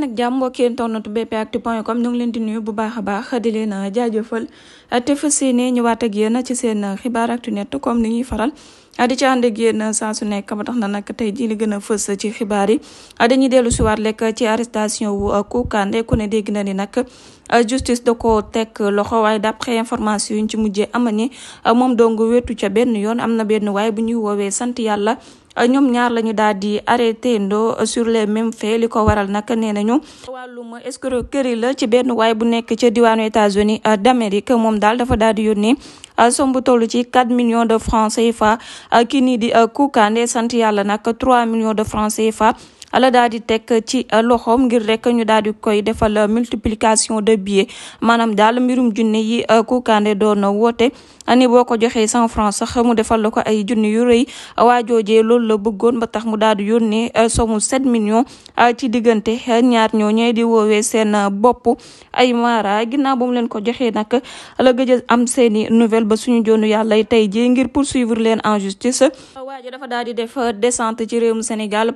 leen nag jàmm mbokki internet bpactu.com ñu ngi leen di nuyu bu baax a baax di leen a jaajëfal te fas yéene ñëwaat ak yéen ci seen xibaar actu net comme ni ñuy faral di ci ànd ak yéen saa su nekk ba tax na nag tey jii li gën a fës ci xibaar yi dañuy dellu si waat lekk ci arrestation wu Koukandé ku ne dégg na ni nag justice da ko teg loxo waaye d'après information yi ñu ci mujjee ama ni moom dong wetu ca benn yoon am na benn waaye bu ñuy woowee sant yàlla. ñoom ñaar la ñu daal di arrêté ndo sur les mêmes faits li ko waral nag nee nañu wàllum escroquerie la ci benn waay bu nekk ca diwaanu États-Unis d'Amérique moom daal dafa daal di yónnee somme bu toll ci 4 millions de francs CFA kii nii di Kounkandé sant yàlla nag 3 millions de francs CFA la daal di teg ci loxoom ngir rek ñu daal di koy defal multiplication de billets maanaam daal mbirum junni yi euh, Kounkandé doon woote ni boo ko joxee cent franc sax mu defal la ko ay junni yu rey waa joojee loolu la bëggoon ba tax mu daal di yónnee euh, somu sept millions euh, ci diggante ñaar ñoo ñee di woowee seen bopp ay mara ginnaaw ba leen ko joxee nag la gëj am seeni nouvelle ba suñu joonu yàlla tey jii ngir poursuivre leen en justice waa ji dafa daal def descente ci réewum Sénégal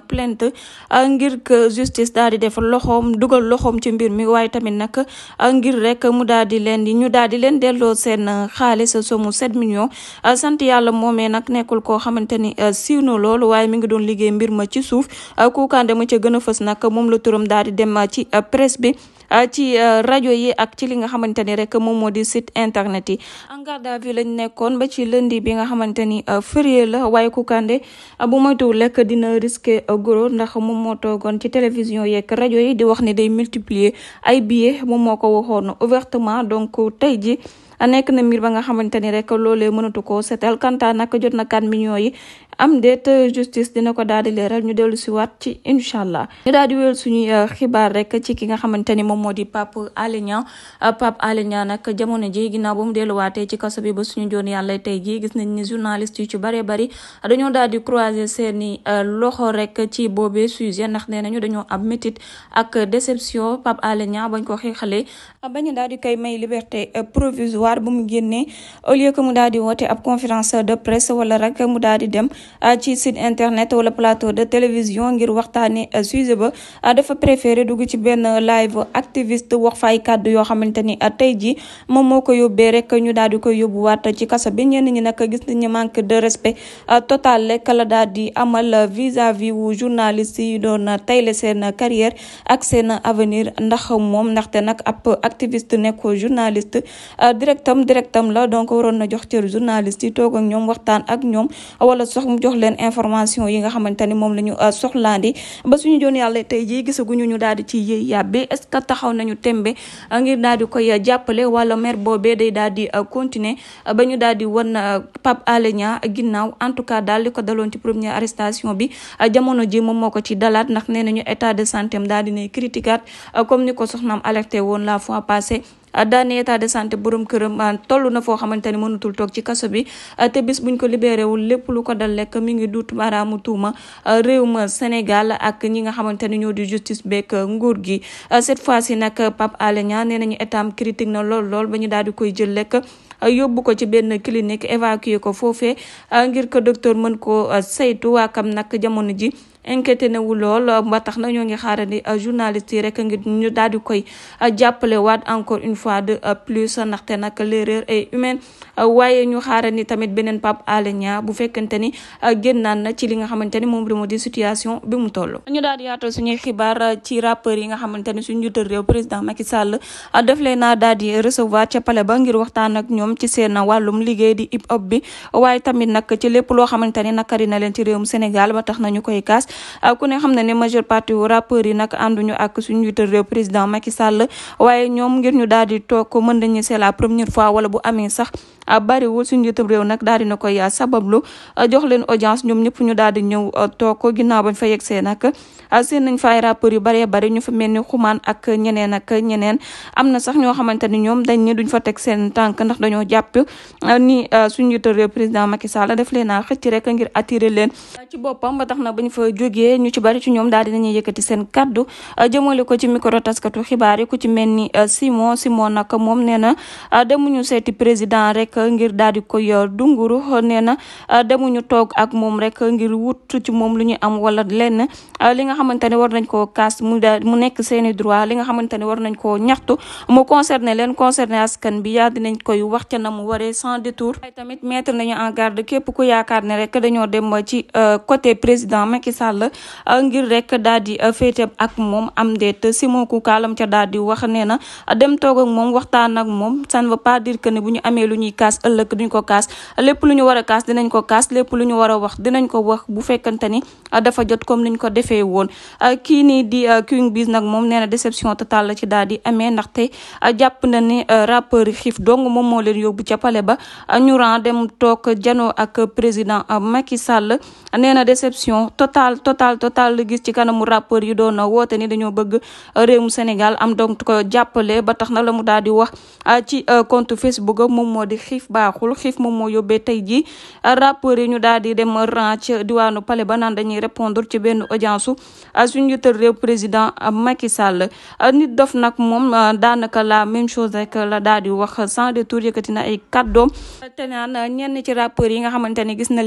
nag plainte euh, ngir que justice daal di def loxoom dugal loxoom ci mbir mi waaye tamit nag euh, ngir rek mu daal di leen di ñu daal di leen delloo seen xaalis somu 7 millions euh, sant yàlla moomee nag nekkul koo xamante ni siiw na lool waaye mi ngi doon liggéey mbir ma ci suuf kuukande ma ca gën a fës nag moom la turam daal di dem ci presse bi Euh, ci euh, rajo yi ak ci li nga xamante ni rek moom moo di site internet yi en garde à vue lañ nekkoon ba ci lëndi bi nga xamante ni euh, férié la waaye Kounkandé bu moytuwul lekk dina risqué goro ndax moom moo toogoon ci télévision yeeg rajo yi di wax ne day multiplier ay billets moom moo ko waxoon ouvertement donc tey a nekk na mbir ba nga xamante ni rek loolee mënatu ko seetal kanta nag jot na 4 millions yi am déet euh, justice dina ko daal di leeral ñu dellu si ci incha allah ñu daal di suñuy euh, xibaar rek ci ki nga xamante ni moom moo di Pape Alé Niang euh, Pape Alé Niang nag jamono ji ginnaaw ba mu delluwaatee ci kaso bi ba suñu joon yàlla tey jii gis nañ ni journaliste yu ci bare bari dañoo daal di croiser seeni loxo rek ci boobee sujet ndax nee nañu dañoo am métit ak déception Pape Alé Niang bañ ko xeexalee bañu daal di koy may liberté provisoire bu mu génnee au lieu que mu daal di woote ab confirence de presse wala rek mu daal di dem Euh, ci site internet wala plateau de télévision ngir waxtaane euh, sujet ba euh, dafa préféré dugg ci benn live activiste wax fa ay kàddu yoo xamante ni tey ji moom moo ko yóbbee rek ñu daal di koy yóbbuwaat ci kaso bi ñenn ñi nag gis nañu manque de respect total rek la daal di amal vis-à-vis wu journaliste yi doon tayle seen carrière ak seen avenir ndax moom ndaxte nag ab activiste nekko journaliste directam directam la donc waroon na jox cër journaliste yi toog ak ñoom waxtaan ak ñoom wala sax jox leen information yi nga xamante ni moom la ñu euh, soxlaandi ba suñu joon yàlla tey jii gisaguñu ñu daal di ci yëy yàbbe est que taxaw nañu tembe euh, ngir daal di koy euh, jàppale wala maire boobee day daal di continuer ba ñu daal di wan Pape Alé Niang ginnaaw en tout cas daal li ko daloon ci première arrestation bi jamono ji moom moo ko ci dalaat ndax nee nañu état de santé am daal di nay critiquaat comme ni ko soxnaam alerté woon la fois passée daane état de santé borom këram ah, tollu na foo xamante ni mënatul toog ci kaso bi ah, te bis buñ ko libéré wul lépp lu ko dal lekk mi ngi duut maraamu tuuma ah, réew ma Sénégal ak ñi nga xamante ni ñoo di justice beeg nguur gi cette fois ci nag pap Alé Niang nee nañu état am na lool lool ba ñu daal di koy jël lekk yóbbu ko ci benn clinique évacuer ko foofee ngir que docteur mën koo saytu waakam nag jamono ji inquiété na wu lool ba tax na ñoo ngi xaarandi euh, journaliste yi rek ngir ñu daal di koy euh, jàppale waat encore une fois de euh, plus ndaxte nag l'erreur est humaine waaye ñu xaarandi tamit beneen Pape Alé Niang bu fekkente ni génnaan na ci li nga xamante ni moom la moo di situation bi mu toll. ñu daal di suñuy xibaar ci rappeurs yi nga xamante ni suñu njiital réew président Macky Sall daf leen a daal di recevoir ca ba ngir waxtaan ak ñoom ci seen wàllum liggéey di hip hop bi waaye tamit nag ci lépp loo xamante ni nakari na leen ci réewum Sénégal ba tax na koy kaas. Euh, ku ne xam na ne majeure partie wu rappeurs yi nag ànduñu ak suñu njiital réew président Macky Sall waaye ñoom ngir ñu daal di toog mën nañu c'est la première fois wala bu amee sax euh, bariwul suñu njiitam réew nag daal na koy euh, sabablu jox leen audience ñoom ñëpp ñu daal di ñëw toog ko ginnaaw bañ fa yegsee nag seen nañ fa ay rappeurs yu baree bari ñu fa mel ni xumaan ak ñeneen ak ñeneen am na sax ñoo xamante ni ñoom dañ ne duñ fa teg seen tànk ndax dañoo jàpp ni suñu njiital réew président Macky Sall def leen a xëcc rek ngir attirer leen jógee ñu ci bari ci ñoom daal dinañuy yëkkati seen kaddu euh, jëmale ko ci micro taskatu xibaar yi ci mel ni euh, Simon Simon nag moom nee na euh, demuñu seeti président rek ngir daal di koy dunguru nee na demuñu toog ak moom rek ngir wut ci moom lu ñu am wala lenn li nga xamante ne war nañ koo kaas mu daal mu nekk seeni droit li nga xamante ne war nañ koo ñaxtu mu concerné leen concerné askan bi yaa dinañ koy wax ca na mu waree sans tamit mettre nañu en garde képp Sall euh, ngir rek daal di euh, féete ak moom am déet Simon Koukalam ca daal di wax nee na dem toog ak moom waxtaan ak moom san ne veut pas dire que ne bu ñu amee lu ñuy kaas ëllëg duñ ko kaas lépp lu ñu war a kaas dinañ ko kaas lépp lu ñu war a wax dinañ ko wax bu fekkante ni euh, dafa jot comme niñ ko defee woon kii nii di King Biz nag moom nee na déception totale la ci daal di amee ndaxte jàpp na ni rappeur yi xiif dong moom moo leen yóbbu ca pale ba ñu ran dem toog jano ak président Macky Sall nee total total gis ci kanamu rappeur yu doon woote ni dañoo bëgg euh, réewum Sénégal am donc ko jàppale ba tax na la mu daal di wax euh, ci euh, compte Facebook moom di xiif baaxul xiif moom moo yóbbee tey jii rappeur yi ñu daal dem ran ci diwaanu Palais ba naan dañuy répondre ci benn audience su suñu tër réew président Macky a nit dof nag moom daanaka la même chose rek la daal di wax sans détour yëkkati na ay kàddoom te a ñenn ci rappeur yi nga xamante ni gis na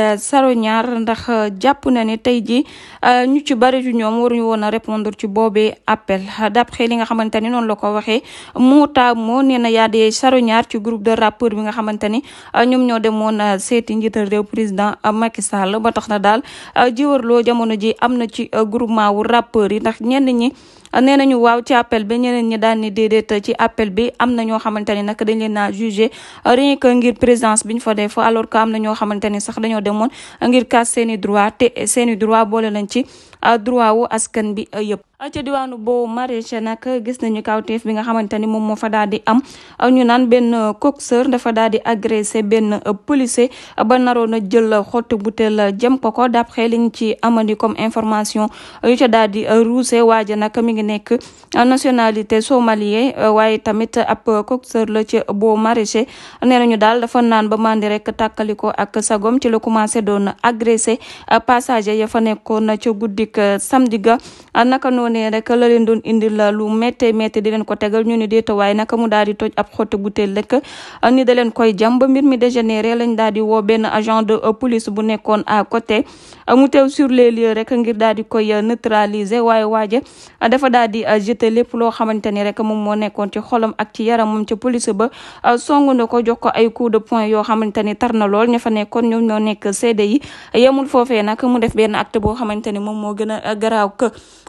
Euh, Saro ñaar ndax euh, jàpp na ne tey ji euh, ñu ci bari ju ñoom waruñu woon a répondre ci boobee appel d'après li nga xamante ni noonu la ko waxee Mouta moo nee na yaa de Saro Niang ci groupe de rappeur bi nga xamante ni ñoom ñoo demoon seeti njiital réew président Macky Sall ba tax na daal jiwarloo jamono ji am na ci groupement wu rappeur yi ndax ñenn ñi nee nañu waaw ci appel bi ñeneen ñi daan ni déedéet ci appel bi am na ñoo xamante ni nag dañ leen a jugé rien que ngir présidence bi ñu fa def alors que am na ñoo xamante ni sax dañoo demoon ngir kaas seeni droit te seeni droit boole lañ ci ah, droit wu askan bi ah, yëpp. Ah, ca diwaanu boo maraîcher nag gis nañu kawteef bi nga xamante ni moom moo fa daal di am ah, ñu naan benn coxeur dafa daal di agressé benn policier ah, ba naroon a jël xottu butéel jëm ko ko d'après liñ ci amandi comme information yu ca daal di ruuse waaja nag mi ngi nekk nationalité somalien waaye tamit ab coxeur la ci bo maraîcher nee ñu daal dafa naan ba màndi rek tàkkaliko ak sagom ci la commencé doon agressé passager ya fa nekkoon na ca guddik samedi ga noonee rek la leen doon indil lu métte métte di leen ko tegal ñu ni déeta waaye naka mu daal di toj ab xotte butéel rek ni koy jam ba mbir mi dégénéré lañ daal di woo benn agent de police bu nekkoon a côté mu teew sur le lieux rek ngir daal di koy neutraliser waaye waaje dafa daal di jeté lépp loo xamante ni rek moom moo nekkoon ci xolam ak ci yaram moom ci police ba song na ko jox ko ay coup de point yoo xamante ni tar na lool ña fa nekkoon ñoom ñoo nekk seede yi yemul mu def benn acte boo xamante ni moom moo gën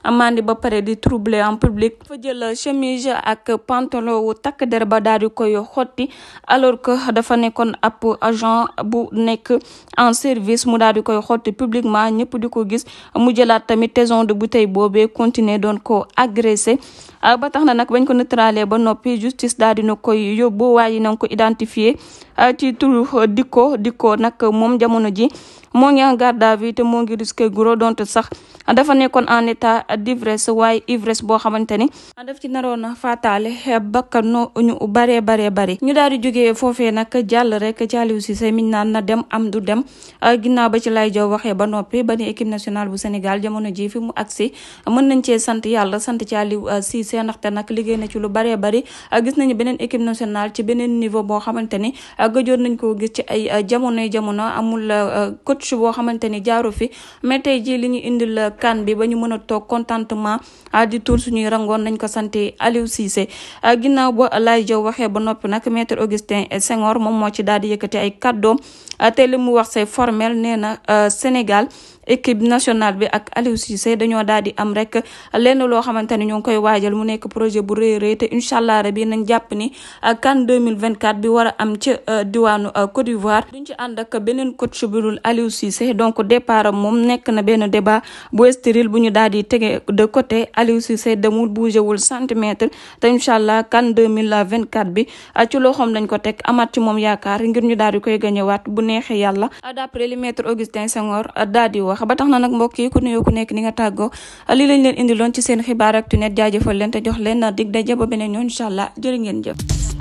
a ba pare di troubler en public dafa jël chemise ak pantalon wu takk der ba daal di koy xotti alors que dafa nekkoon ab agent bu nekk en service mu daal di koy xotti publiquement ñëpp di ko gis mu jëlaat tamit taison de bouteille boobee continuer doon ko agressé ba tax na nag bañ ko neutraler ba noppi justice daal dina koy yóbbu waaye na ko identifier ah, ci turu dikko dikko nag moom jamono ji moo ngi en garde à vue te moo ngi risqué gros donte sax dafa nekkoon en état d'ivresse ivresse waaye ivresse boo xamante ni daf ci naroon a faataale bakkanu ñu baree baree ñu daal di jógee foofee nag jàll rek ci Aliou Cissé miñ naan na dem am du dem ginnaaw ba ci lay jow waxee ba noppi ba ni équipe nationale bu Sénégal jamono ji fi mu agsi mën nañ cee sant yàlla sant ci si Cissé ndaxte nag liggéey na ci lu baree bari gis nañu beneen équipe nationale ci beneen niveau boo xamante ni gëjoon nañ koo gis ci ay jamonoy jamono amul coach boo xamante ni jaaru fi mais tey jii li ñu indil kan bi ba ñu a toog ma également di tuur suñuy rangoon nañ ko sante Aliou Cissé ah, ginnaaw ba Laye Diaw waxee ba noppi nag maître Augustin Senghor moom moo ci daal di yëkkati ay kàddoom ah, te li mu wax say formel nee na ah, Sénégal équipe nationale bi ak Aliou Cissé dañoo daal di am rek lenn loo xamante ni ñu ngi koy waajal mu nekk projet bu rëy rëy te incha allah rabi nañ jàpp ni CAN 2024 bi war am ci euh, diwaanu euh, Côte d'Ivoire duñ ci ànd ak beneen coach bu dul Aliou Cissé donc départ moom nekk na benn débat bu stérile bu ñu daal di tege de côté Aliou Cissé demul bougé wul centimètre te incha allah CAN 2024 bi euh, ci loxoom lañ ko teg amaat ci moom yaakaar ngir ñu daal di koy gañewaat bu neexee yàlla d'après li maître Augustin Senghor daal di wax ba tax na nag mbokk yi ku nuyoo ku nekk ni nga tàggoo li lañ leen indiloon ci seen xibaar ak tunet jaajëfal leen te jox leen dig daje ba beneen yoon incha allah jërë ngeen jëf